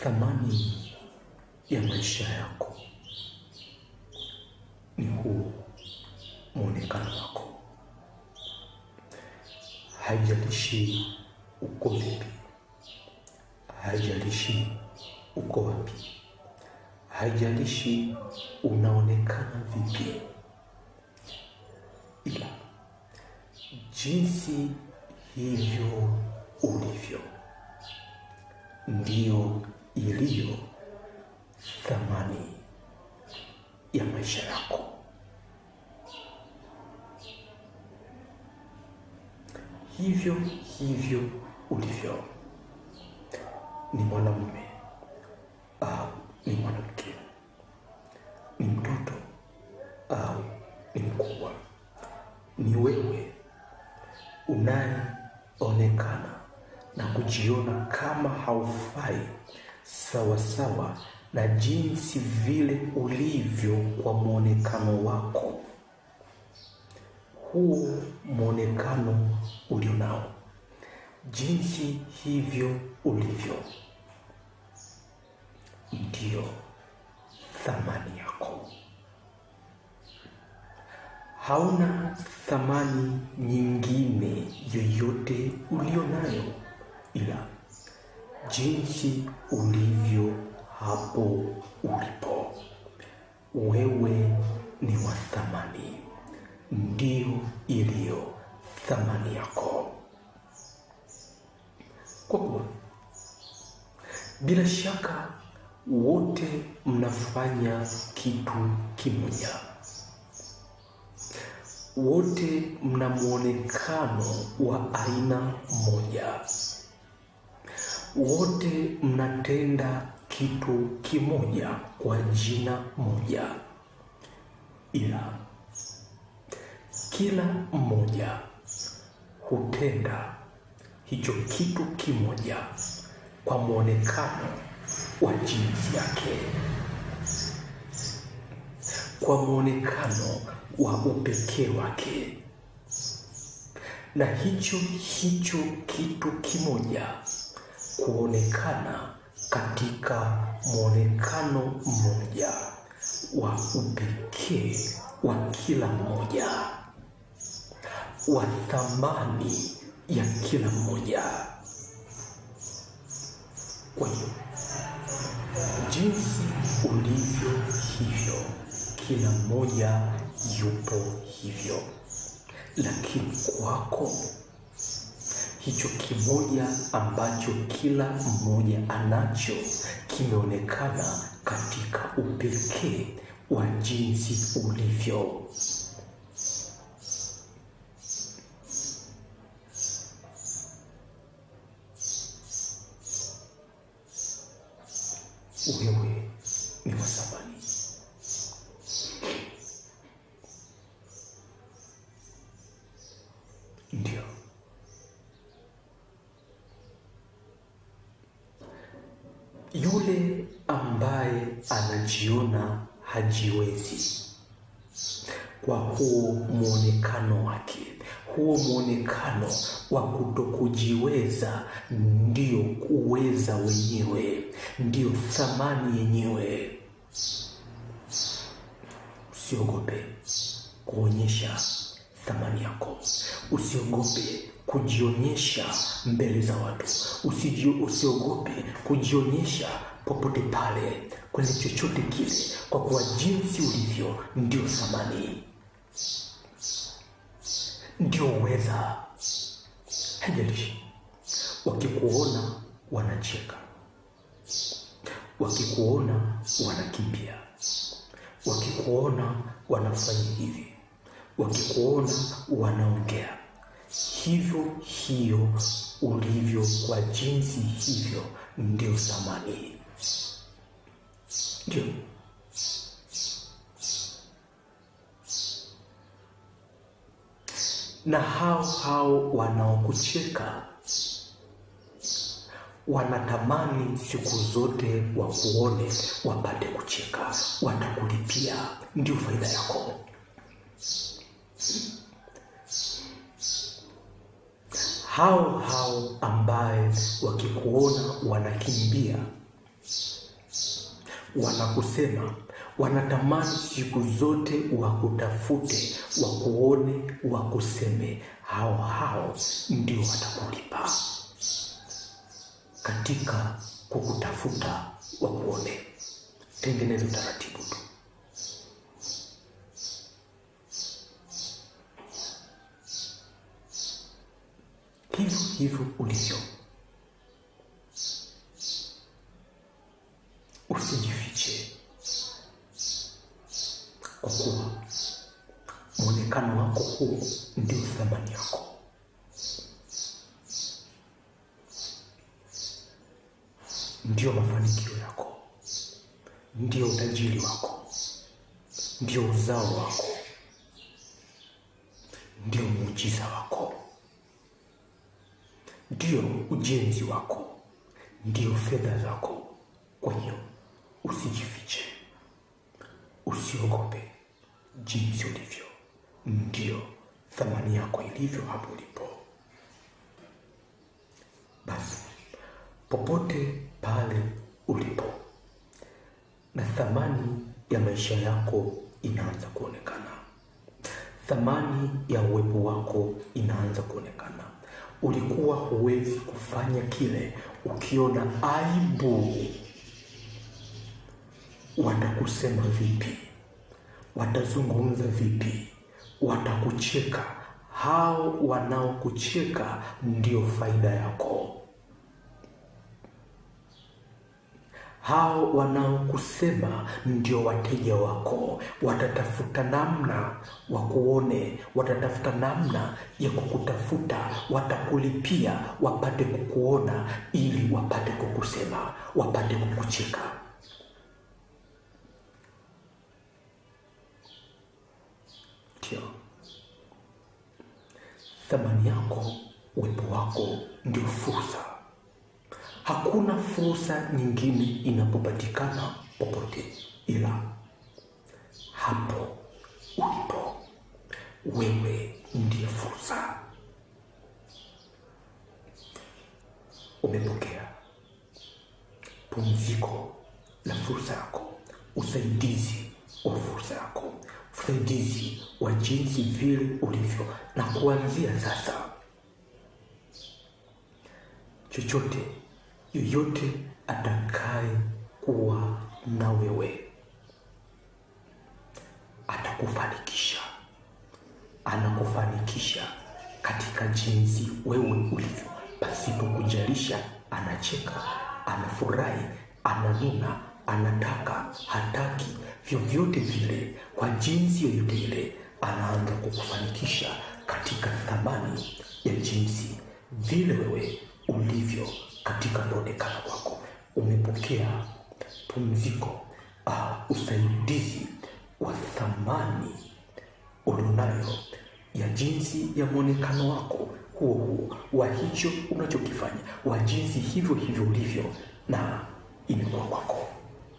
thamani ya maisha yako ni huu mwonekano wako, haijalishi uko vipi, haijalishi uko wapi, haijalishi unaonekana vipi, ila jinsi hivyo ulivyo ndio iliyo thamani ya maisha yako. Hivyo hivyo ulivyo, ni mwanamume au ni mwanamke, ni mtoto au ni mkubwa, ni wewe unayeonekana na kujiona kama haufai sawasawa na jinsi vile ulivyo kwa mwonekano wako huo mwonekano ulio nao, jinsi hivyo ulivyo ndiyo thamani yako. Hauna thamani nyingine yoyote ulio nayo ila jinsi ulivyo hapo ulipo. Wewe ni wa thamani, ndio iliyo thamani yako. Kwa kuwa bila shaka wote mnafanya kitu kimoja, wote mna mwonekano wa aina moja wote mnatenda kitu kimoja kwa jina moja, ila kila mmoja hutenda hicho kitu kimoja kwa mwonekano wa jinsi yake, kwa mwonekano wa upekee wake, na hicho hicho kitu kimoja kuonekana katika mwonekano mmoja wa upekee wa kila mmoja, wa thamani ya kila mmoja. Kwa hiyo jinsi ulivyo hivyo, kila mmoja yupo hivyo, lakini kwako hicho kimoja ambacho kila mmoja anacho kimeonekana katika upekee wa jinsi ulivyo. Wewe ni Yule ambaye anajiona hajiwezi, kwa huo mwonekano wake, huo mwonekano wa kutokujiweza ndio uweza wenyewe, ndio thamani yenyewe. Usiogope kuonyesha thamani yako. Usiogope kujionyesha mbele za watu, usiogope kujionyesha popote pale, kwenye chochote kile, kwa kuwa jinsi ulivyo ndio thamani, ndio uweza. Haijalishi wakikuona wanacheka, wakikuona wanakimbia, wakikuona wanafanya hivi wakikuona wanaongea hivyo. Hiyo ulivyo kwa jinsi hivyo, ndio samani ndio na hao hao wanaokucheka wanatamani siku zote wakuone, wapate kucheka, watakulipia. Ndio faida yako. hao hao ambaye wakikuona wanakimbia, wanakusema, wanatamani siku zote wakutafute, wakuone, wakuseme, hao hao ndio watakulipa katika kukutafuta, wakuone. Tengeneza utaratibu tu. hivyo ulivyo, usijifiche, kwa kuwa mwonekano wako huo ndio thamani yako. Ndio mafanikio yako, ndio utajiri wako, ndio uzao wako, ndio muujiza wako ndio ujenzi wako, ndio fedha zako. Kwa hiyo usijifiche, usiogope. Jinsi ulivyo ndio thamani yako ilivyo hapo ulipo. Basi popote pale ulipo, na thamani ya maisha yako inaanza kuonekana, thamani ya uwepo wako inaanza kuonekana ulikuwa huwezi kufanya kile ukiona aibu. Watakusema vipi? Watazungumza vipi? Watakucheka. Hao wanaokucheka ndio faida yako. hao wanaokusema ndio wateja wako watatafuta namna wakuone, watatafuta namna ya kukutafuta, watakulipia wapate kukuona, ili wapate kukusema, wapate kukucheka. Ndio thamani yako, uwepo wako ndio fursa Hakuna fursa nyingine inapopatikana popote ila hapo ulipo. Wewe ndiye fursa. Umepokea pumziko la fursa yako, usaidizi wa fursa yako, usaidizi wa jinsi vile ulivyo, na kuanzia sasa chochote yoyote atakaye kuwa na wewe atakufanikisha, anakufanikisha katika jinsi wewe ulivyo, pasipo kujalisha. Anacheka, anafurahi, ananuna, anataka, hataki, vyovyote vile, kwa jinsi yoyote ile, anaanza kukufanikisha katika thamani ya jinsi vile wewe ulivyo katika kuonekana kwako. Umepokea pumziko, uh, usaidizi wa thamani ulionayo ya jinsi ya mwonekano wako huo huo wa hicho unachokifanya, wa jinsi hivyo hivyo ulivyo, na imekuwa kwako.